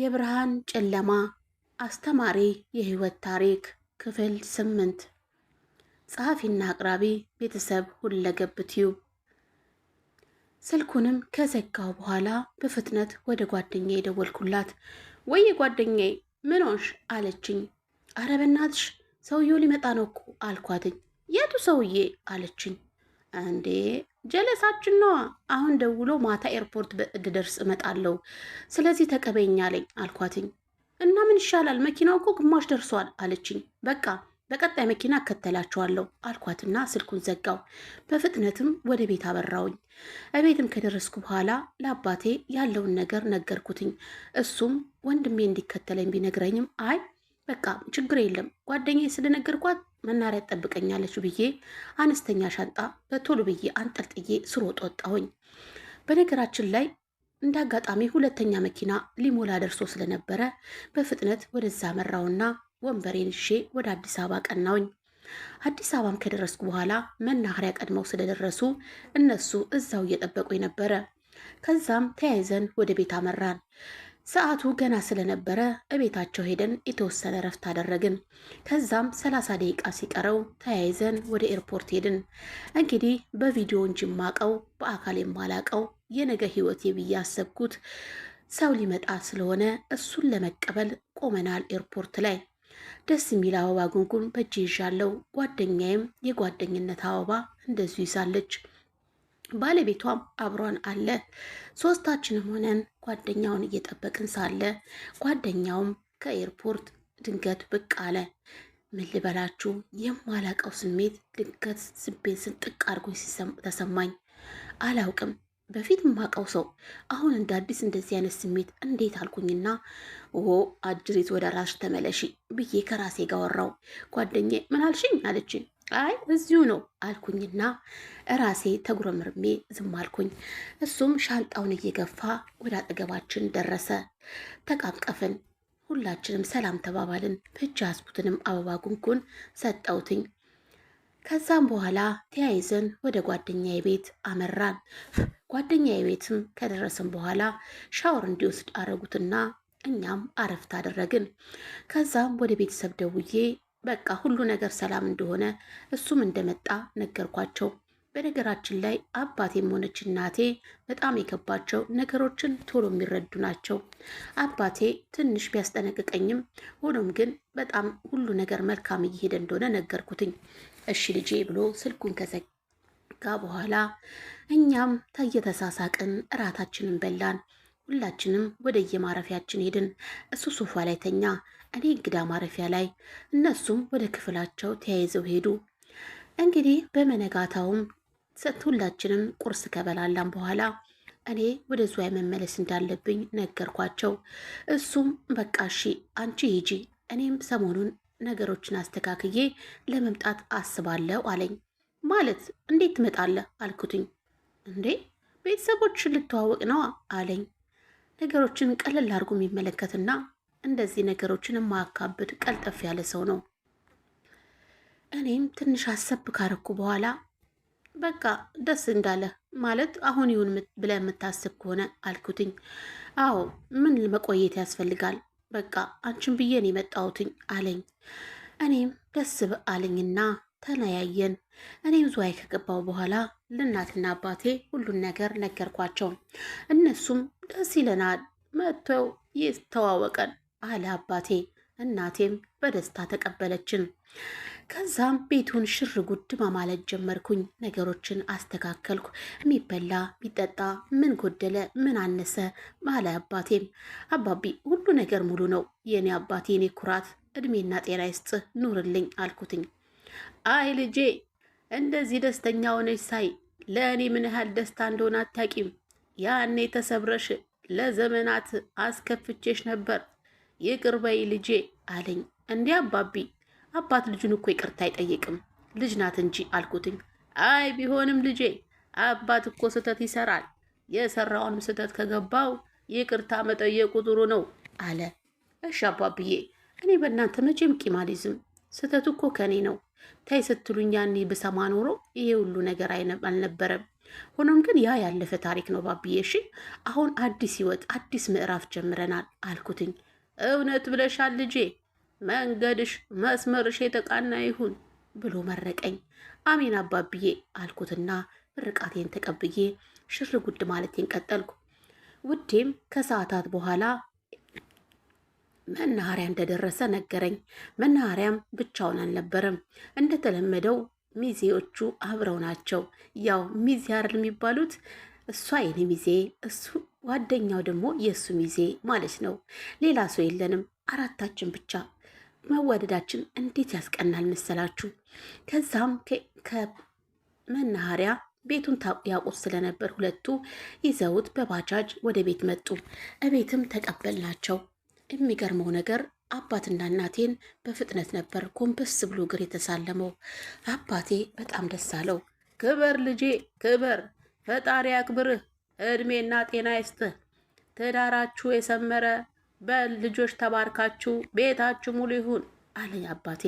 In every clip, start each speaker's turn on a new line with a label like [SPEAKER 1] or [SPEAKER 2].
[SPEAKER 1] የብርሃን ጨለማ አስተማሪ የህይወት ታሪክ ክፍል ስምንት ጸሐፊና አቅራቢ ቤተሰብ ሁለገብ ቲዩብ። ስልኩንም ከዘጋው በኋላ በፍጥነት ወደ ጓደኛ የደወልኩላት። ወይ ጓደኛዬ ምን ሆንሽ አለችኝ። አረ በናትሽ ሰውየው ሊመጣ ነው እኮ አልኳትኝ። የቱ ሰውዬ አለችኝ። እንዴ ጀለሳችን ነዋ። አሁን ደውሎ ማታ ኤርፖርት እንድደርስ እመጣለሁ፣ ስለዚህ ተቀበኛ አለኝ አልኳትኝ። እና ምን ይሻላል መኪናው እኮ ግማሽ ደርሷል አለችኝ። በቃ በቀጣይ መኪና እከተላቸዋለሁ አልኳትና ስልኩን ዘጋው። በፍጥነትም ወደ ቤት አበራውኝ። እቤትም ከደረስኩ በኋላ ለአባቴ ያለውን ነገር ነገርኩትኝ። እሱም ወንድሜ እንዲከተለኝ ቢነግረኝም አይ በቃ ችግር የለም ጓደኛ ስለነገርኳት መናሪያ ትጠብቀኛለች ብዬ አነስተኛ ሻንጣ በቶሎ ብዬ አንጠልጥዬ ስሮጥ ወጣሁኝ። በነገራችን ላይ እንደ አጋጣሚ ሁለተኛ መኪና ሊሞላ ደርሶ ስለነበረ በፍጥነት ወደዛ መራውና ወንበሬን ይዤ ወደ አዲስ አበባ ቀናውኝ። አዲስ አበባም ከደረስኩ በኋላ መናኸሪያ ቀድመው ስለደረሱ እነሱ እዛው እየጠበቁ ነበረ። ከዛም ተያይዘን ወደ ቤት አመራን። ሰዓቱ ገና ስለነበረ እቤታቸው ሄደን የተወሰነ ረፍት አደረግን። ከዛም ሰላሳ ደቂቃ ሲቀረው ተያይዘን ወደ ኤርፖርት ሄድን። እንግዲህ በቪዲዮ እንጂ ማቀው በአካል የማላቀው የነገ ህይወት ብዬ ያሰብኩት ሰው ሊመጣ ስለሆነ እሱን ለመቀበል ቆመናል ኤርፖርት ላይ። ደስ የሚል አበባ ጉንጉን በእጅ ይዣለው። ጓደኛዬም የጓደኝነት አበባ እንደዚሁ ይዛለች። ባለቤቷም አብሯን አለ። ሶስታችንም ሆነን ጓደኛውን እየጠበቅን ሳለ ጓደኛውም ከኤርፖርት ድንገት ብቅ አለ። ምን ልበላችሁ የማላቀው ስሜት ድንገት ስቤን ስንጥቅ አድርጎ ተሰማኝ። አላውቅም በፊት ማቀው ሰው አሁን እንደ አዲስ እንደዚህ አይነት ስሜት እንዴት አልኩኝና ኦ አጅሪት ወደ ራስሽ ተመለሺ ብዬ ከራሴ ጋር ወራው። ጓደኛዬ ምን አልሽኝ አለችኝ። አይ እዚሁ ነው አልኩኝና ራሴ ተጉረምርሜ ዝም አልኩኝ። እሱም ሻንጣውን እየገፋ ወደ አጠገባችን ደረሰ። ተቃቀፍን፣ ሁላችንም ሰላም ተባባልን። ብቻ ያዝኩትንም አበባ ጉንጉን ሰጠውትኝ። ከዛም በኋላ ተያይዘን ወደ ጓደኛዬ ቤት አመራን። ጓደኛዬ ቤትም ከደረስን በኋላ ሻወር እንዲወስድ አረጉትና እኛም አረፍት አደረግን። ከዛም ወደ ቤተሰብ ደውዬ በቃ ሁሉ ነገር ሰላም እንደሆነ እሱም እንደመጣ ነገርኳቸው። በነገራችን ላይ አባቴም ሆነች እናቴ በጣም የገባቸው ነገሮችን ቶሎ የሚረዱ ናቸው። አባቴ ትንሽ ቢያስጠነቅቀኝም ሆኖም ግን በጣም ሁሉ ነገር መልካም እየሄደ እንደሆነ ነገርኩትኝ። እሺ ልጄ ብሎ ስልኩን ከዘጋ በኋላ እኛም እየተሳሳቅን እራታችንን በላን። ሁላችንም ወደ የማረፊያችን ሄድን። እሱ ሶፋ ላይ ተኛ፣ እኔ እንግዳ ማረፊያ ላይ፣ እነሱም ወደ ክፍላቸው ተያይዘው ሄዱ። እንግዲህ በመነጋታውም ሁላችንም ቁርስ ከበላላም በኋላ እኔ ወደ ዙዋይ መመለስ እንዳለብኝ ነገርኳቸው። እሱም በቃ እሺ አንቺ ሂጂ፣ እኔም ሰሞኑን ነገሮችን አስተካክዬ ለመምጣት አስባለሁ አለኝ። ማለት እንዴት ትመጣለህ አልኩትኝ። እንዴ ቤተሰቦች ልተዋወቅ ነዋ አለኝ። ነገሮችን ቀለል አድርጎ የሚመለከትና እንደዚህ ነገሮችን የማያካብድ ቀልጠፍ ያለ ሰው ነው። እኔም ትንሽ አሰብ ካረኩ በኋላ በቃ ደስ እንዳለ ማለት አሁን ይሁን ብለህ የምታስብ ከሆነ አልኩትኝ። አዎ ምን መቆየት ያስፈልጋል፣ በቃ አንቺን ብዬን የመጣሁትኝ አለኝ። እኔም ደስ አለኝና ተለያየን። እኔም ዝዋይ ከገባው በኋላ ለእናትና አባቴ ሁሉን ነገር ነገርኳቸው። እነሱም ደስ ይለናል መጥተው ይተዋወቀን አለ አባቴ። እናቴም በደስታ ተቀበለችን። ከዛም ቤቱን ሽር ጉድ ማማለት ጀመርኩኝ። ነገሮችን አስተካከልኩ። የሚበላ የሚጠጣ ምን ጎደለ ምን አነሰ ማለ አባቴም። አባቢ ሁሉ ነገር ሙሉ ነው የእኔ አባቴ፣ ኔ ኩራት፣ እድሜና ጤና ይስጥህ ኑርልኝ አልኩትኝ። አይ ልጄ እንደዚህ ደስተኛ ሆነች ሳይ ለእኔ ምን ያህል ደስታ እንደሆነ አታቂም። ያኔ ተሰብረሽ ለዘመናት አስከፍቼሽ ነበር። ይቅር በይ ልጄ አለኝ። እንዲህ አባቢ አባት ልጁን እኮ ይቅርታ አይጠይቅም ልጅ ናት እንጂ አልኩትኝ። አይ ቢሆንም ልጄ አባት እኮ ስህተት ይሰራል። የሰራውንም ስህተት ከገባው ይቅርታ መጠየቁ ጥሩ ነው አለ። እሺ አባብዬ፣ እኔ በእናንተ መቼም ቂም አልይዝም። ስህተቱ እኮ ከኔ ነው ተይ ስትሉኝ ያኔ ብሰማ ኖሮ ይሄ ሁሉ ነገር አልነበረም። ሆኖም ግን ያ ያለፈ ታሪክ ነው ባብዬ። እሺ አሁን አዲስ ህይወት፣ አዲስ ምዕራፍ ጀምረናል አልኩትኝ። እውነት ብለሻል ልጄ፣ መንገድሽ መስመርሽ የተቃና ይሁን ብሎ መረቀኝ። አሜን አባብዬ አልኩትና ምርቃቴን ተቀብዬ ሽር ጉድ ማለቴን ቀጠልኩ። ውዴም ከሰዓታት በኋላ መናኸሪያ እንደደረሰ ነገረኝ። መናኸሪያም ብቻውን አልነበረም። እንደተለመደው ሚዜዎቹ አብረው ናቸው። ያው ሚዜ አይደል የሚባሉት? እሷ የኔ ሚዜ፣ እሱ ጓደኛው ደግሞ የእሱ ሚዜ ማለት ነው። ሌላ ሰው የለንም፣ አራታችን ብቻ። መዋደዳችን እንዴት ያስቀናል መሰላችሁ። ከዛም ከመናኸሪያ ቤቱን ያውቁት ስለነበር ሁለቱ ይዘውት በባጃጅ ወደ ቤት መጡ። እቤትም ተቀበልናቸው። የሚገርመው ነገር አባትና እናቴን በፍጥነት ነበር ኮምበስ ብሎ እግር የተሳለመው። አባቴ በጣም ደስ አለው። ክበር ልጄ ክበር፣ ፈጣሪ አክብርህ፣ እድሜና ጤና ይስጥህ፣ ትዳራችሁ የሰመረ በልጆች ተባርካችሁ ቤታችሁ ሙሉ ይሁን አለኝ አባቴ።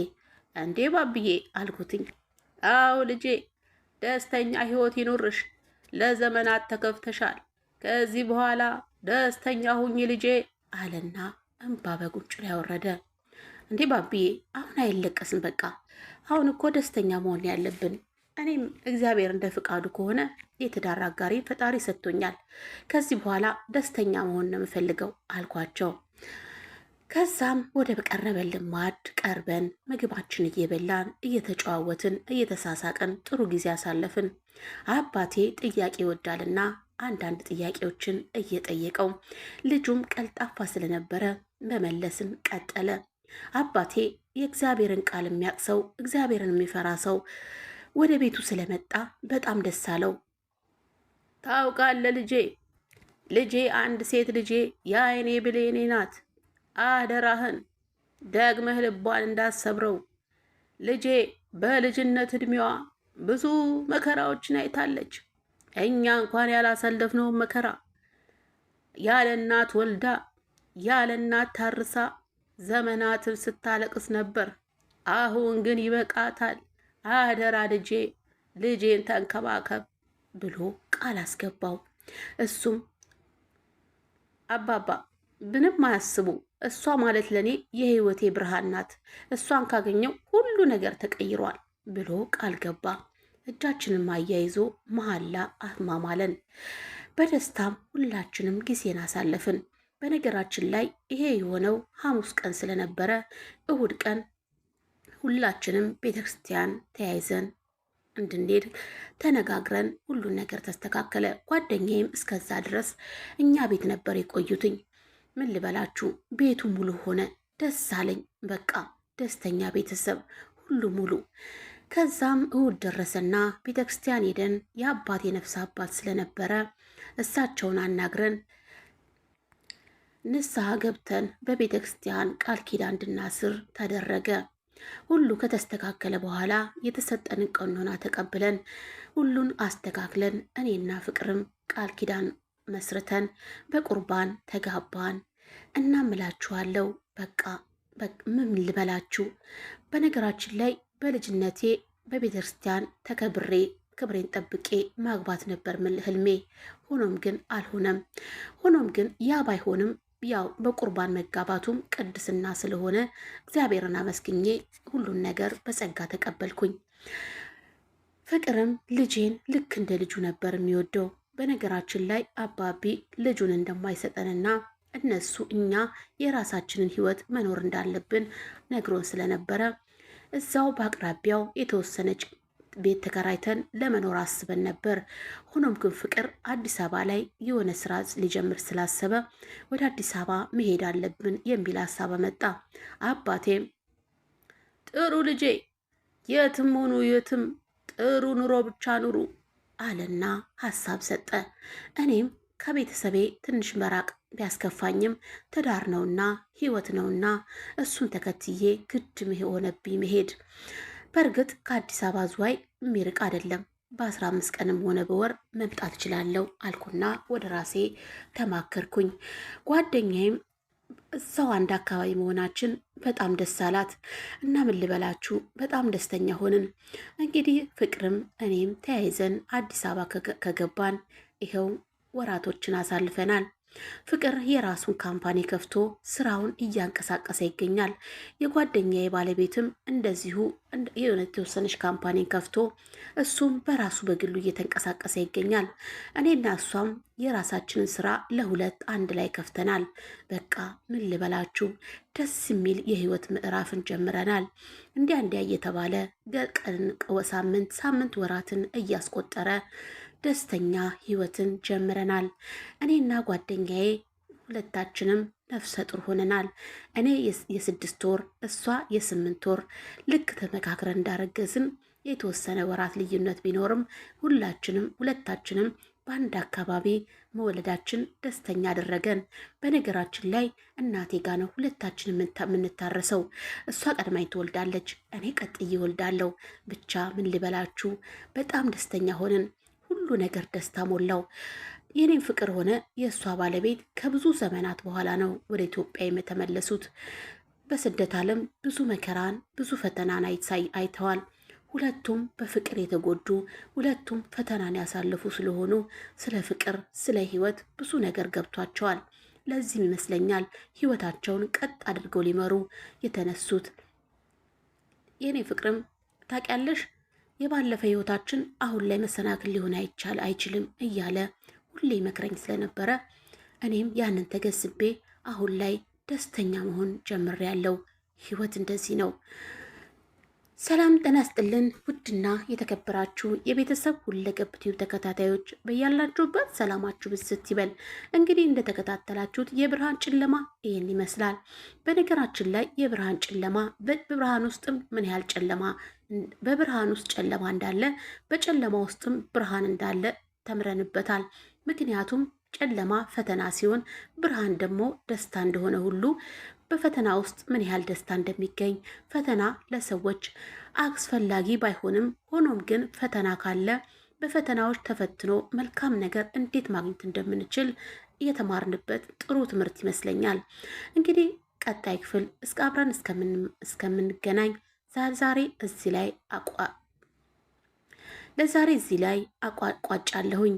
[SPEAKER 1] እንዴ ባብዬ አልኩትኝ። አው ልጄ፣ ደስተኛ ህይወት ይኑርሽ፣ ለዘመናት ተከፍተሻል። ከዚህ በኋላ ደስተኛ ሁኝ ልጄ አለና እንባ በጉንጩ ላይ ወረደ። እንዴ ባቢዬ፣ አሁን አይለቀስም። በቃ አሁን እኮ ደስተኛ መሆን ያለብን። እኔም እግዚአብሔር እንደ ፍቃዱ ከሆነ የትዳር አጋሪ ፈጣሪ ሰጥቶኛል። ከዚህ በኋላ ደስተኛ መሆን ነው የምፈልገው አልኳቸው። ከዛም ወደ በቀረበልን ማዕድ ቀርበን ምግባችን እየበላን እየተጨዋወትን እየተሳሳቅን ጥሩ ጊዜ አሳለፍን። አባቴ ጥያቄ ይወዳልና አንዳንድ ጥያቄዎችን እየጠየቀው ልጁም ቀልጣፋ ስለነበረ በመለስም ቀጠለ። አባቴ የእግዚአብሔርን ቃል የሚያውቅ ሰው፣ እግዚአብሔርን የሚፈራ ሰው ወደ ቤቱ ስለመጣ በጣም ደስ አለው። ታውቃለህ ልጄ ልጄ አንድ ሴት ልጄ የአይኔ ብሌኔ ናት። አደራህን ደግመህ ልቧን እንዳሰብረው ልጄ በልጅነት እድሜዋ ብዙ መከራዎችን አይታለች። እኛ እንኳን ያላሳለፍነውን መከራ ያለ እናት ወልዳ ያለና ተርሳ ታርሳ ዘመናትን ስታለቅስ ነበር። አሁን ግን ይበቃታል፣ አደራ ልጄ ልጄን ተንከባከብ ብሎ ቃል አስገባው። እሱም አባባ ምንም አያስቡ፣ እሷ ማለት ለእኔ የህይወቴ ብርሃን ናት፣ እሷን ካገኘው ሁሉ ነገር ተቀይሯል ብሎ ቃል ገባ። እጃችንም አያይዞ መሐላ አማማለን። በደስታም ሁላችንም ጊዜን አሳለፍን። በነገራችን ላይ ይሄ የሆነው ሐሙስ ቀን ስለነበረ እሁድ ቀን ሁላችንም ቤተ ክርስቲያን ተያይዘን እንድንሄድ ተነጋግረን ሁሉን ነገር ተስተካከለ። ጓደኛዬም እስከዛ ድረስ እኛ ቤት ነበር የቆዩትኝ። ምን ልበላችሁ ቤቱ ሙሉ ሆነ። ደስ አለኝ። በቃ ደስተኛ ቤተሰብ ሁሉ ሙሉ። ከዛም እሁድ ደረሰና ቤተ ክርስቲያን ሄደን የአባቴ ነፍስ አባት ስለነበረ እሳቸውን አናግረን ንስሐ ገብተን በቤተ ክርስቲያን ቃል ኪዳን እንድናስር ተደረገ። ሁሉ ከተስተካከለ በኋላ የተሰጠን ቀኖና ተቀብለን ሁሉን አስተካክለን እኔና ፍቅርም ቃል ኪዳን መስርተን በቁርባን ተጋባን። እናምላችኋለው በቃ ምን ልበላችሁ። በነገራችን ላይ በልጅነቴ በቤተ ክርስቲያን ተከብሬ ክብሬን ጠብቄ ማግባት ነበር ምን ህልሜ። ሆኖም ግን አልሆነም። ሆኖም ግን ያ ባይሆንም ያው በቁርባን መጋባቱም ቅድስና ስለሆነ እግዚአብሔርን አመስግኜ ሁሉን ነገር በጸጋ ተቀበልኩኝ። ፍቅርም ልጄን ልክ እንደ ልጁ ነበር የሚወደው። በነገራችን ላይ አባቢ ልጁን እንደማይሰጠንና እነሱ እኛ የራሳችንን ሕይወት መኖር እንዳለብን ነግሮን ስለነበረ እዛው በአቅራቢያው የተወሰነች ቤት ተከራይተን ለመኖር አስበን ነበር። ሆኖም ግን ፍቅር አዲስ አበባ ላይ የሆነ ስራ ሊጀምር ስላሰበ ወደ አዲስ አበባ መሄድ አለብን የሚል ሀሳብ መጣ። አባቴም ጥሩ ልጄ፣ የትም ሁኑ የትም ጥሩ ኑሮ ብቻ ኑሩ አለና ሀሳብ ሰጠ። እኔም ከቤተሰቤ ትንሽ መራቅ ቢያስከፋኝም ትዳር ነውና ህይወት ነውና እሱን ተከትዬ ግድም የሆነብኝ መሄድ በእርግጥ ከአዲስ አበባ ዝዋይ የሚርቅ አይደለም። በአስራ አምስት ቀንም ሆነ በወር መምጣት እችላለሁ አልኩና ወደ ራሴ ተማከርኩኝ። ጓደኛዬም እዛው አንድ አካባቢ መሆናችን በጣም ደስ አላት እና ምን ልበላችሁ በጣም ደስተኛ ሆንን። እንግዲህ ፍቅርም እኔም ተያይዘን አዲስ አበባ ከገባን ይኸው ወራቶችን አሳልፈናል። ፍቅር የራሱን ካምፓኒ ከፍቶ ስራውን እያንቀሳቀሰ ይገኛል። የጓደኛ የባለቤትም እንደዚሁ የሆነ የተወሰነች ካምፓኒን ከፍቶ እሱም በራሱ በግሉ እየተንቀሳቀሰ ይገኛል። እኔና እሷም የራሳችንን ስራ ለሁለት አንድ ላይ ከፍተናል። በቃ ምን ልበላችሁ ደስ የሚል የህይወት ምዕራፍን ጀምረናል። እንዲያ እንዲያ እየተባለ ገቀን ሳምንት ሳምንት ወራትን እያስቆጠረ ደስተኛ ህይወትን ጀምረናል። እኔና ጓደኛዬ ሁለታችንም ነፍሰ ጡር ሆነናል። እኔ የስድስት ወር እሷ የስምንት ወር ልክ ተመካክረን እንዳረገዝን የተወሰነ ወራት ልዩነት ቢኖርም ሁላችንም ሁለታችንም በአንድ አካባቢ መወለዳችን ደስተኛ አደረገን። በነገራችን ላይ እናቴ ጋ ነው ሁለታችን የምንታረሰው። እሷ ቀድማኝ ትወልዳለች፣ እኔ ቀጥዬ እወልዳለሁ። ብቻ ምን ልበላችሁ በጣም ደስተኛ ሆንን። ሁሉ ነገር ደስታ ሞላው። የኔም ፍቅር ሆነ የእሷ ባለቤት ከብዙ ዘመናት በኋላ ነው ወደ ኢትዮጵያ የተመለሱት። በስደት ዓለም ብዙ መከራን ብዙ ፈተናን አይተዋል። ሁለቱም በፍቅር የተጎዱ ሁለቱም ፈተናን ያሳለፉ ስለሆኑ ስለ ፍቅር፣ ስለ ህይወት ብዙ ነገር ገብቷቸዋል። ለዚህም ይመስለኛል ህይወታቸውን ቀጥ አድርገው ሊመሩ የተነሱት። የእኔ ፍቅርም ታውቂያለሽ የባለፈ ህይወታችን አሁን ላይ መሰናክል ሊሆን አይቻል አይችልም እያለ ሁሌ መክረኝ ስለነበረ እኔም ያንን ተገስቤ አሁን ላይ ደስተኛ መሆን ጀምሬያለሁ። ህይወት እንደዚህ ነው። ሰላም ጤና ይስጥልን። ውድና የተከበራችሁ የቤተሰብ ሁለገብ ቲዩብ ተከታታዮች በያላችሁበት ሰላማችሁ ብስት ይበል። እንግዲህ እንደተከታተላችሁት የብርሃን ጨለማ ይህን ይመስላል። በነገራችን ላይ የብርሃን ጨለማ በብርሃን ውስጥም ምን ያህል ጨለማ በብርሃን ውስጥ ጨለማ እንዳለ በጨለማ ውስጥም ብርሃን እንዳለ ተምረንበታል። ምክንያቱም ጨለማ ፈተና ሲሆን ብርሃን ደግሞ ደስታ እንደሆነ ሁሉ በፈተና ውስጥ ምን ያህል ደስታ እንደሚገኝ ፈተና ለሰዎች አስፈላጊ ባይሆንም ሆኖም ግን ፈተና ካለ በፈተናዎች ተፈትኖ መልካም ነገር እንዴት ማግኘት እንደምንችል እየተማርንበት ጥሩ ትምህርት ይመስለኛል። እንግዲህ ቀጣይ ክፍል እስከ አብረን እስከምንገናኝ ዛሬ እዚህ ላይ አቋ ለዛሬ እዚህ ላይ አቋቋጫለሁኝ።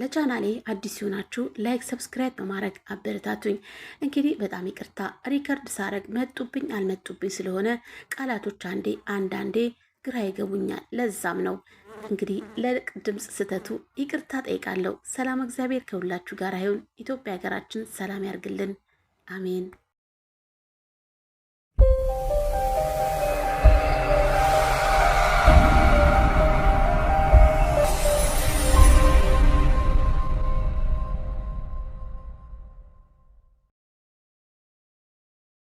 [SPEAKER 1] ለቻናሌ አዲስ ሲሆናችሁ ላይክ፣ ሰብስክራይብ በማድረግ አበረታቱኝ። እንግዲህ በጣም ይቅርታ ሪከርድ ሳረግ መጡብኝ አልመጡብኝ ስለሆነ ቃላቶች አንዴ አንዳንዴ ግራ ይገቡኛል። ለዛም ነው እንግዲህ ለድምፅ ስህተቱ ይቅርታ ጠይቃለሁ። ሰላም፣ እግዚአብሔር ከሁላችሁ ጋር ይሁን። ኢትዮጵያ ሀገራችን ሰላም ያርግልን። አሜን።